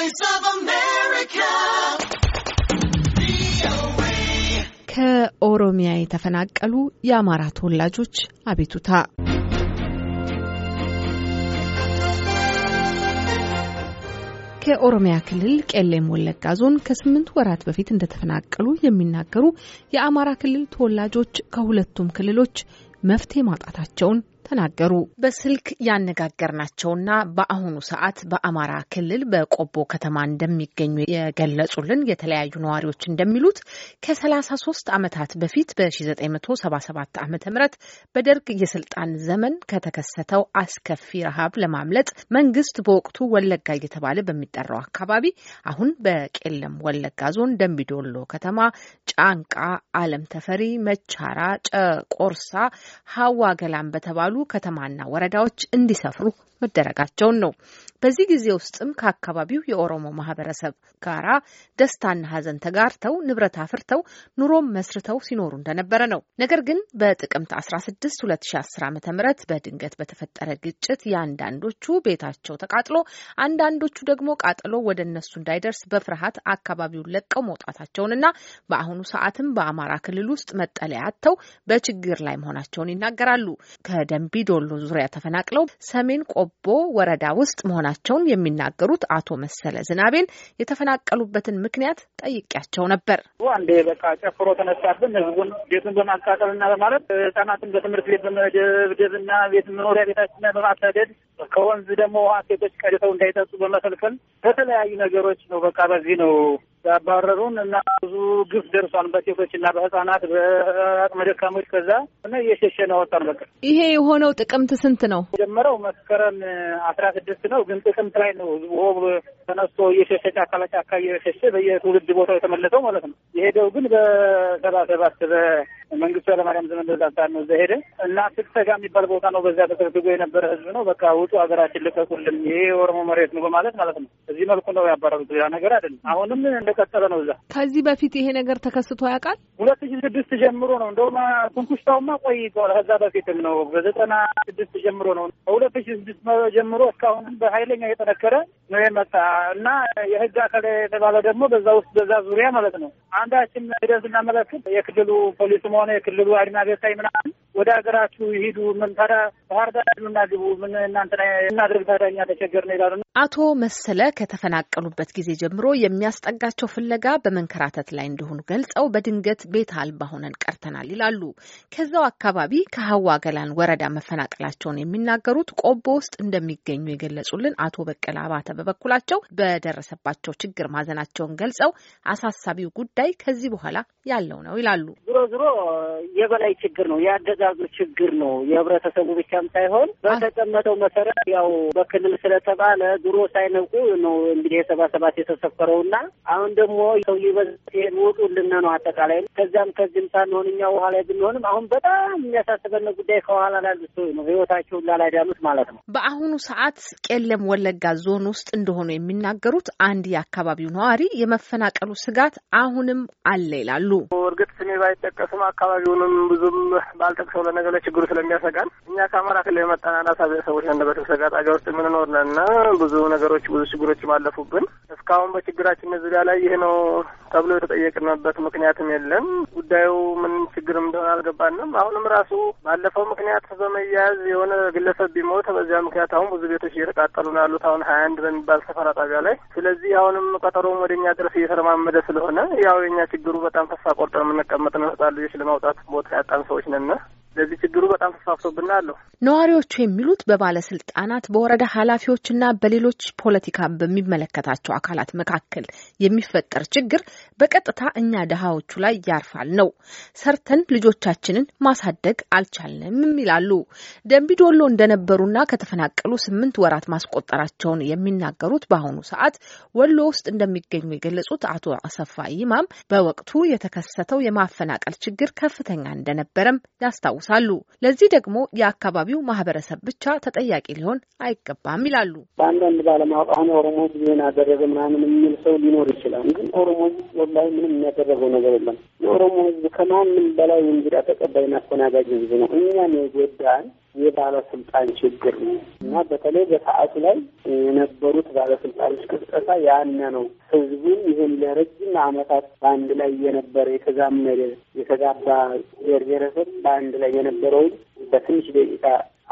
Voice of America. ከኦሮሚያ የተፈናቀሉ የአማራ ተወላጆች አቤቱታ ከኦሮሚያ ክልል ቄሌም ወለጋ ዞን ከስምንት ወራት በፊት እንደተፈናቀሉ የሚናገሩ የአማራ ክልል ተወላጆች ከሁለቱም ክልሎች መፍትሄ ማጣታቸውን ተናገሩ። በስልክ ያነጋገርናቸውና በአሁኑ ሰዓት በአማራ ክልል በቆቦ ከተማ እንደሚገኙ የገለጹልን የተለያዩ ነዋሪዎች እንደሚሉት ከ33 ዓመታት በፊት በ1977 ዓ ም በደርግ የስልጣን ዘመን ከተከሰተው አስከፊ ረሃብ ለማምለጥ መንግስት በወቅቱ ወለጋ እየተባለ በሚጠራው አካባቢ አሁን በቄለም ወለጋ ዞን ደምቢዶሎ ከተማ ጫንቃ፣ አለም ተፈሪ፣ መቻራ፣ ጨቆርሳ፣ ሀዋ ገላን በተባሉ በተባሉ ከተማና ወረዳዎች እንዲሰፍሩ መደረጋቸውን ነው። በዚህ ጊዜ ውስጥም ከአካባቢው የኦሮሞ ማህበረሰብ ጋራ ደስታና ሐዘን ተጋርተው ንብረት አፍርተው ኑሮም መስርተው ሲኖሩ እንደነበረ ነው። ነገር ግን በጥቅምት 16 2010 ዓ ም በድንገት በተፈጠረ ግጭት የአንዳንዶቹ ቤታቸው ተቃጥሎ አንዳንዶቹ ደግሞ ቃጥሎ ወደ እነሱ እንዳይደርስ በፍርሃት አካባቢውን ለቀው መውጣታቸውንና በአሁኑ ሰዓትም በአማራ ክልል ውስጥ መጠለያ አጥተው በችግር ላይ መሆናቸውን ይናገራሉ። ከደ ደንቢዶሎ ዙሪያ ተፈናቅለው ሰሜን ቆቦ ወረዳ ውስጥ መሆናቸውን የሚናገሩት አቶ መሰለ ዝናቤን የተፈናቀሉበትን ምክንያት ጠይቄያቸው ነበር። አንዴ በቃ ጨፍሮ ተነሳብን። ህዝቡን ቤቱን በማቃጠልና በማለት ህጻናትን በትምህርት ቤት በመደብደብና ቤት መኖሪያ ቤታችን በማሳደድ ከወንዝ ደግሞ ውሃ ሴቶች ቀድተው እንዳይጠጡ በመከልከል በተለያዩ ነገሮች ነው። በቃ በዚህ ነው ያባረሩን እና ብዙ ግፍ ደርሷል በሴቶች እና በህጻናት በአቅመ ደካሞች ከዛ እና እየሸሸን አወጣን። በቃ ይሄ የሆነው ጥቅምት ስንት ነው? ጀመረው መስከረም አስራ ስድስት ነው፣ ግን ጥቅምት ላይ ነው ህዝቡ ተነስቶ እየሸሸ ጫካ ለጫካ እየሸሸ በየትውልድ ቦታው የተመለሰው ማለት ነው። የሄደው ግን በሰባ ሰባት መንግስቱ ኃይለማርያም ዘመን በዛ ነው እዛ ሄደ እና ፍተጋ የሚባል ቦታ ነው። በዚያ ተሰብስቦ የነበረ ህዝብ ነው። በቃ ውጡ፣ ሀገራችን ልቀቁልን፣ ይሄ የኦሮሞ መሬት ነው በማለት ማለት ነው። እዚህ መልኩ ነው ያባረሩት። ያ ነገር አይደለም። አሁንም እንደቀጠለ ነው። እዛ ከዚህ በፊት ይሄ ነገር ተከስቶ ያውቃል? ሁለት ሺ ስድስት ጀምሮ ነው እንደውም ትንኩሽታውማ ቆይቷል ከዛ በፊትም ነው በዘጠና ስድስት ጀምሮ ነው ከሁለት ሺ ስድስት ጀምሮ እስካሁንም በኃይለኛ እየጠነከረ ነው የመጣ እና የህግ አካል የተባለ ደግሞ በዛ ውስጥ በዛ ዙሪያ ማለት ነው አንዳችን ሂደን ስናመለክት የክልሉ ፖሊስ ሆነ የክልሉ አድማ ገሳይ ምናምን ወደ ሀገራችሁ ይሂዱ። ምን ታዲያ ባህር ዳር ሂዱና ግቡ። ምን እናንተ እናድርግ ታዲያ እኛ ነው ይላሉ። አቶ መሰለ ከተፈናቀሉበት ጊዜ ጀምሮ የሚያስጠጋቸው ፍለጋ በመንከራተት ላይ እንደሆኑ ገልጸው በድንገት ቤት አልባ ሆነን ቀርተናል ይላሉ። ከዛው አካባቢ ከሀዋ ገላን ወረዳ መፈናቀላቸውን የሚናገሩት ቆቦ ውስጥ እንደሚገኙ የገለጹልን አቶ በቀለ አባተ በበኩላቸው በደረሰባቸው ችግር ማዘናቸውን ገልጸው አሳሳቢው ጉዳይ ከዚህ በኋላ ያለው ነው ይላሉ። ዝሮ ዝሮ የበላይ ችግር ነው የአገዛ የያዙ ችግር ነው። የህብረተሰቡ ብቻም ሳይሆን በተቀመጠው መሰረት ያው በክልል ስለተባለ ድሮ ሳይነቁ ነው እንግዲህ የሰባ ሰባት የተሰፈረውና አሁን ደግሞ ሰው ውጡ ልነ ነው አጠቃላይ ከዚያም ከዚህም ሳንሆን እኛ ውሃ ላይ ብንሆንም አሁን በጣም የሚያሳስበን ጉዳይ ከኋላ ላሉ ሰው ነው ህይወታቸውን ላላዳኑት ማለት ነው። በአሁኑ ሰዓት ቄለም ወለጋ ዞን ውስጥ እንደሆኑ የሚናገሩት አንድ የአካባቢው ነዋሪ የመፈናቀሉ ስጋት አሁንም አለ ይላሉ። እርግጥ ስሜ ባይጠቀስም አካባቢውንም ብዙም ባልጠቀ ሰው ለነገ ለችግሩ ስለሚያሰጋን እኛ ከአማራ ክልል የመጣን አሳዘን ሰዎች ነን። በተሰጋ ጣቢያ ውስጥ የምንኖር ነን እና ብዙ ነገሮች ብዙ ችግሮች አለፉብን። እስካሁን በችግራችን ዙሪያ ላይ ይሄ ነው ተብሎ የተጠየቅንበት ምክንያትም የለም። ጉዳዩ ምን ችግርም እንደሆነ አልገባንም። አሁንም ራሱ ባለፈው ምክንያት በመያያዝ የሆነ ግለሰብ ቢሞት በዚያ ምክንያት አሁን ብዙ ቤቶች እየተቃጠሉ ነው ያሉት አሁን ሀያ አንድ በሚባል ሰፈራ ጣቢያ ላይ። ስለዚህ አሁንም ቀጠሮም ወደ እኛ ድረስ እየተለማመደ ስለሆነ ያው የእኛ ችግሩ በጣም ተስፋ ቆርጠን የምንቀመጥ ነው። ህጻን ልጆች ለማውጣት ቦታ ያጣን ሰዎች ነን። ስለዚህ ችግሩ በጣም ተስፋፍቶብናለሁ። ነዋሪዎቹ የሚሉት በባለስልጣናት በወረዳ ኃላፊዎችና በሌሎች ፖለቲካ በሚመለከታቸው አካላት መካከል የሚፈጠር ችግር በቀጥታ እኛ ድሃዎቹ ላይ ያርፋል ነው። ሰርተን ልጆቻችንን ማሳደግ አልቻልንም ይላሉ። ደንቢዶሎ እንደነበሩና ከተፈናቀሉ ስምንት ወራት ማስቆጠራቸውን የሚናገሩት በአሁኑ ሰዓት ወሎ ውስጥ እንደሚገኙ የገለጹት አቶ አሰፋ ይማም በወቅቱ የተከሰተው የማፈናቀል ችግር ከፍተኛ እንደነበረም ያስታውሳል። ያስታውሳሉ። ለዚህ ደግሞ የአካባቢው ማህበረሰብ ብቻ ተጠያቂ ሊሆን አይገባም ይላሉ። በአንዳንድ ባለማወቅ አሁን ኦሮሞ ጊዜን አደረገ ምናምን የሚል ሰው ሊኖር ይችላል። ግን ኦሮሞ ወላሂ ምንም የሚያደረገው ነገር የለም። የኦሮሞ ህዝብ ከማንም በላይ እንግዳ ተቀባይና አስተናጋጅ ህዝብ ነው። እኛን የጎዳን የባለስልጣን ችግር ነው እና በተለይ በሰዓቱ ላይ የነበሩት ባለስልጣኖች ቅስቀሳ ያነ ነው ህዝቡን ይህን ለረጅም አመታት በአንድ ላይ የነበረ የተዛመደ የተጋባ ብሔር ብሔረሰብ በአንድ ላይ የነበረውን በትንሽ ደቂቃ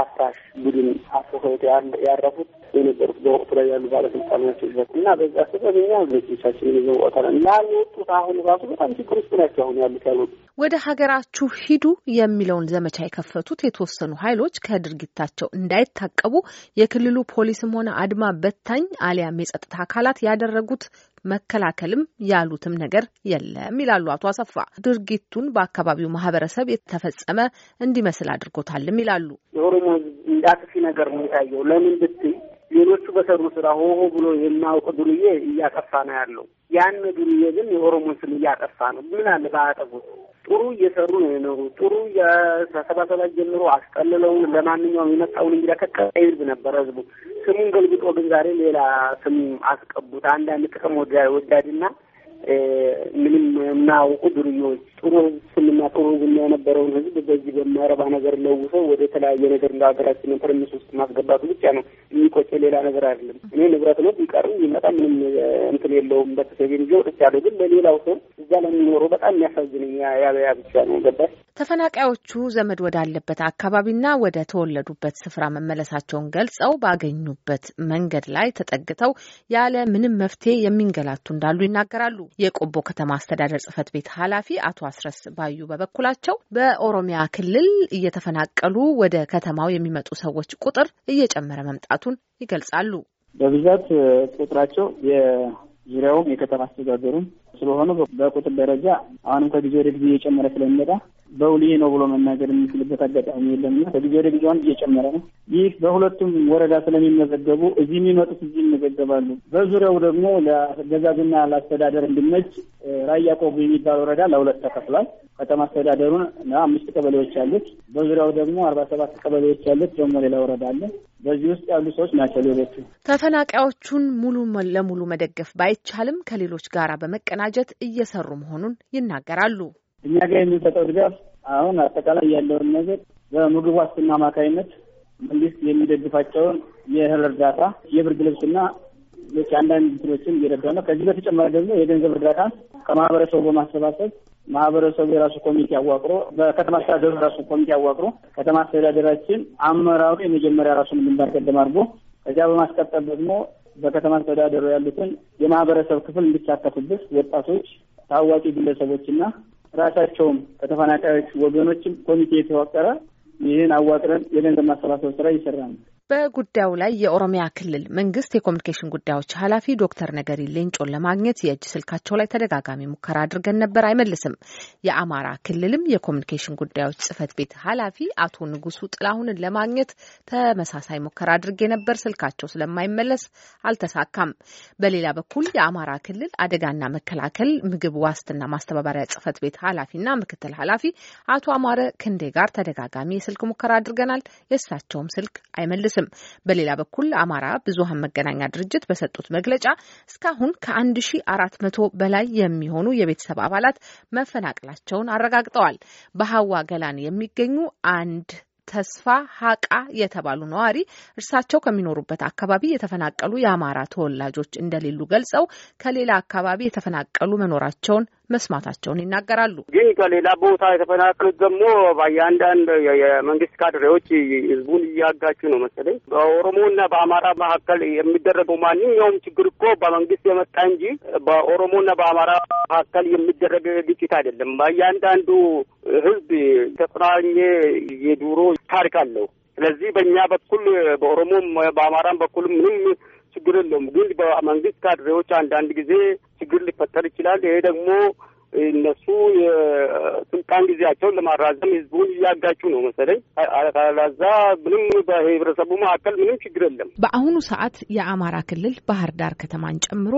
አፍራሽ ቡድን አፍርሰውት ያረፉት የነበሩት በወቅቱ ላይ ያሉ ባለስልጣኖች ይዘት እና በዛ ስበብ እኛ ዜጎቻችንን ይዘው ወጥተናል። ላልወጡት አሁን ራሱ በጣም ችግር ውስጥ ናቸው አሁን ያሉት ያልወጡ። ወደ ሀገራችሁ ሂዱ የሚለውን ዘመቻ የከፈቱት የተወሰኑ ኃይሎች ከድርጊታቸው እንዳይታቀቡ የክልሉ ፖሊስም ሆነ አድማ በታኝ አሊያም የጸጥታ አካላት ያደረጉት መከላከልም ያሉትም ነገር የለም ይላሉ አቶ አሰፋ። ድርጊቱን በአካባቢው ማህበረሰብ የተፈጸመ እንዲመስል አድርጎታልም ይላሉ። የኦሮሞ ህዝብ እንዳጥፊ ነገር ነው የታየው። ለምን ብትይ ሌሎቹ በሰሩ ስራ ሆሆ ብሎ የማያውቅ ዱርዬ እያጠፋ ነው ያለው። ያን ዱርዬ ግን የኦሮሞን ስም እያጠፋ ነው። ምን አለ በአጠጉት ጥሩ እየሰሩ ነው የኖሩ ጥሩ ከሰባሰባት ጀምሮ አስጠልለውን ለማንኛውም የመጣውን እንግዳ ከቀይ ህዝብ ነበረ ህዝቡ ስሙን ገልግጦ፣ ግን ዛሬ ሌላ ስም አስቀቡት። አንዳንድ ጥቅም ወዳድና ምንም የማያውቁ ዱርዬዎች ጥሩ ስምና ጥሩ ዝና የነበረውን ህዝብ በዚህ በማይረባ ነገር ለውሰው ወደ የተለያየ ነገር እንደ ሀገራችን ትርምስ ውስጥ ማስገባቱ ብቻ ነው የሚቆጨ ሌላ ነገር አይደለም። እኔ ንብረት ነው ቢቀርም ይመጣ ምንም እንትን የለውም። በተሰቤን ጊዜ ወጥቻለሁ፣ ግን ለሌላው ሰው እዛ ለሚኖረው በጣም የሚያሳዝነኝ ያበያ ብቻ ነው። ገባሽ? ተፈናቃዮቹ ዘመድ ወዳለበት አካባቢና ወደ ተወለዱበት ስፍራ መመለሳቸውን ገልጸው ባገኙበት መንገድ ላይ ተጠግተው ያለ ምንም መፍትሄ የሚንገላቱ እንዳሉ ይናገራሉ። የቆቦ ከተማ አስተዳደር ጽህፈት ቤት ኃላፊ አቶ አስረስ ባዩ በበኩላቸው በኦሮሚያ ክልል እየተፈናቀሉ ወደ ከተማው የሚመጡ ሰዎች ቁጥር እየጨመረ መምጣቱን ይገልጻሉ። በብዛት ቁጥራቸው የዙሪያውም የከተማ አስተዳደሩም ስለሆኑ በቁጥር ደረጃ አሁንም ከጊዜ ወደ ጊዜ እየጨመረ ስለሚመጣ በውል ነው ብሎ መናገር የሚችልበት አጋጣሚ የለም እና ከጊዜ ወደ ጊዜ እየጨመረ ነው። ይህ በሁለቱም ወረዳ ስለሚመዘገቡ እዚህ የሚመጡት እዚህ ይመዘገባሉ። በዙሪያው ደግሞ ለአገዛዝና ለአስተዳደር እንዲመች ራያ ቆቡ የሚባል ወረዳ ለሁለት ተከፍሏል። ከተማ አስተዳደሩን አምስት ቀበሌዎች አሉት። በዙሪያው ደግሞ አርባ ሰባት ቀበሌዎች አሉት። ደግሞ ሌላ ወረዳ አለ። በዚህ ውስጥ ያሉ ሰዎች ናቸው ሌሎቹ። ተፈናቃዮቹን ሙሉ ለሙሉ መደገፍ ባይቻልም ከሌሎች ጋራ በመቀናጀት እየሰሩ መሆኑን ይናገራሉ። እኛ ጋር የምንሰጠው ድጋፍ አሁን አጠቃላይ ያለውን ነገር በምግብ ዋስትና አማካኝነት መንግስት የሚደግፋቸውን የእህል እርዳታ፣ የብርድ ልብስና አንዳንድ ብድሮችን እየረዳ ነው። ከዚህ በተጨማሪ ደግሞ የገንዘብ እርዳታ ከማህበረሰቡ በማሰባሰብ ማህበረሰቡ የራሱ ኮሚቴ አዋቅሮ በከተማ አስተዳደሩ የራሱ ኮሚቴ አዋቅሮ ከተማ አስተዳደራችን አመራሩ የመጀመሪያ ራሱን ግንባር ቀደም አድርጎ ከዚያ በማስቀጠል ደግሞ በከተማ አስተዳደሩ ያሉትን የማህበረሰብ ክፍል እንዲሳተፉበት ወጣቶች፣ ታዋቂ ግለሰቦችና ራሳቸውም ከተፈናቃዮች ወገኖችም ኮሚቴ የተዋቀረ ይህን አዋቅረን የገንዘብ ማሰባሰብ ስራ እየሰራ ነው። በጉዳዩ ላይ የኦሮሚያ ክልል መንግስት የኮሚኒኬሽን ጉዳዮች ኃላፊ ዶክተር ነገሪ ሌንጮን ለማግኘት የእጅ ስልካቸው ላይ ተደጋጋሚ ሙከራ አድርገን ነበር፣ አይመልስም። የአማራ ክልልም የኮሚኒኬሽን ጉዳዮች ጽህፈት ቤት ኃላፊ አቶ ንጉሱ ጥላሁንን ለማግኘት ተመሳሳይ ሙከራ አድርጌ ነበር፣ ስልካቸው ስለማይመለስ አልተሳካም። በሌላ በኩል የአማራ ክልል አደጋና መከላከል ምግብ ዋስትና ማስተባበሪያ ጽህፈት ቤት ኃላፊና ምክትል ኃላፊ አቶ አማረ ክንዴ ጋር ተደጋጋሚ የስልክ ሙከራ አድርገናል። የእሳቸውም ስልክ አይመልስም። አይደርስም። በሌላ በኩል አማራ ብዙሀን መገናኛ ድርጅት በሰጡት መግለጫ እስካሁን ከ1400 በላይ የሚሆኑ የቤተሰብ አባላት መፈናቀላቸውን አረጋግጠዋል። በሀዋ ገላን የሚገኙ አንድ ተስፋ ሀቃ የተባሉ ነዋሪ እርሳቸው ከሚኖሩበት አካባቢ የተፈናቀሉ የአማራ ተወላጆች እንደሌሉ ገልጸው ከሌላ አካባቢ የተፈናቀሉ መኖራቸውን መስማታቸውን ይናገራሉ። ግን ከሌላ ቦታ የተፈናቀሉት ደግሞ በአንዳንድ የመንግስት ካድሬዎች ህዝቡን እያጋጩ ነው መሰለኝ። በኦሮሞና በአማራ መካከል የሚደረገው ማንኛውም ችግር እኮ በመንግስት የመጣ እንጂ በኦሮሞና በአማራ መካከል የሚደረግ ግጭት አይደለም። በእያንዳንዱ ህዝብ ተቆራኘ የድሮ ታሪክ አለው። ስለዚህ በእኛ በኩል በኦሮሞም በአማራም በኩል ምንም ችግር የለውም። ግን በመንግስት ካድሬዎች አንዳንድ ጊዜ ችግር ሊፈጠር ይችላል። ይሄ ደግሞ እነሱ የስልጣን ጊዜያቸውን ለማራዘም ህዝቡን እያጋጩ ነው መሰለኝ። ካላዛ ምንም በህብረተሰቡ መካከል ምንም ችግር የለም። በአሁኑ ሰዓት የአማራ ክልል ባህር ዳር ከተማን ጨምሮ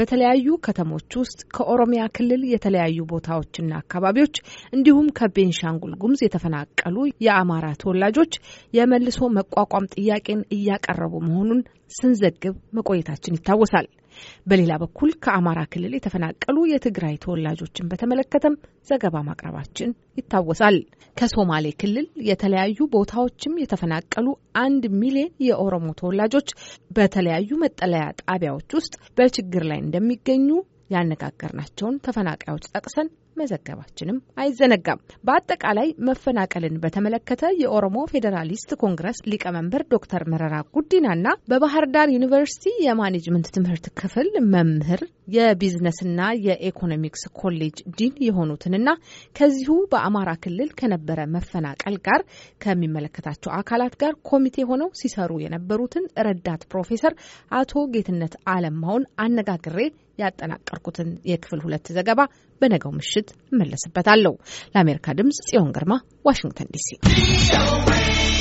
በተለያዩ ከተሞች ውስጥ ከኦሮሚያ ክልል የተለያዩ ቦታዎችና አካባቢዎች እንዲሁም ከቤንሻንጉል ጉምዝ የተፈናቀሉ የአማራ ተወላጆች የመልሶ መቋቋም ጥያቄን እያቀረቡ መሆኑን ስንዘግብ መቆየታችን ይታወሳል። በሌላ በኩል ከአማራ ክልል የተፈናቀሉ የትግራይ ተወላጆችን በተመለከተም ዘገባ ማቅረባችን ይታወሳል። ከሶማሌ ክልል የተለያዩ ቦታዎችም የተፈናቀሉ አንድ ሚሊዮን የኦሮሞ ተወላጆች በተለያዩ መጠለያ ጣቢያዎች ውስጥ በችግር ላይ እንደሚገኙ ያነጋገርናቸውን ተፈናቃዮች ጠቅሰን መዘገባችንም አይዘነጋም። በአጠቃላይ መፈናቀልን በተመለከተ የኦሮሞ ፌዴራሊስት ኮንግረስ ሊቀመንበር ዶክተር መረራ ጉዲናና በባህር ዳር ዩኒቨርሲቲ የማኔጅመንት ትምህርት ክፍል መምህር የቢዝነስና የኢኮኖሚክስ ኮሌጅ ዲን የሆኑትንና ከዚሁ በአማራ ክልል ከነበረ መፈናቀል ጋር ከሚመለከታቸው አካላት ጋር ኮሚቴ ሆነው ሲሰሩ የነበሩትን ረዳት ፕሮፌሰር አቶ ጌትነት አለማውን አነጋግሬ ያጠናቀርኩትን የክፍል ሁለት ዘገባ በነገው ምሽት እመለስበታለሁ። ለአሜሪካ ድምጽ ጽዮን ግርማ ዋሽንግተን ዲሲ